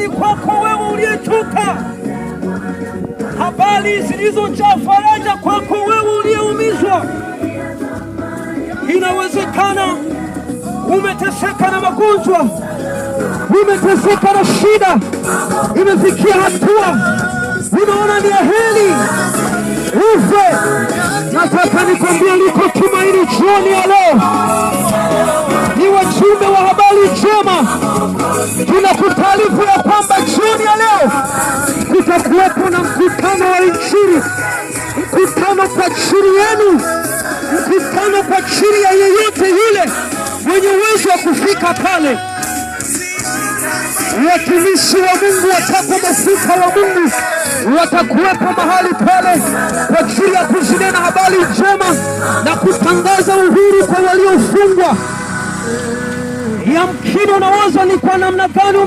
ni kwako wewe uliyechoka, habari zilizojaa faraja, kwako wewe uliyeumizwa, inawezekana umeteseka na magonjwa, umeteseka na shida, imefikia hatua unaona ni heri ufe. Nataka nikwambie liko tumaini jioni ya leo. Ni wajumbe wa habari njema tunakutaarifu ya kuwepo na mkutano wa Injili, mkutano kwa ajili yenu, mkutano kwa ajili ya yeyote yule mwenye uwezo wa kufika pale. Watumishi wa Mungu watakwa mafuta wa Mungu watakuwepo mahali pale kwa ajili ya kuzinena habari njema na kutangaza uhuru kwa waliofungwa. Yamkini unawaza ni kwa namna gani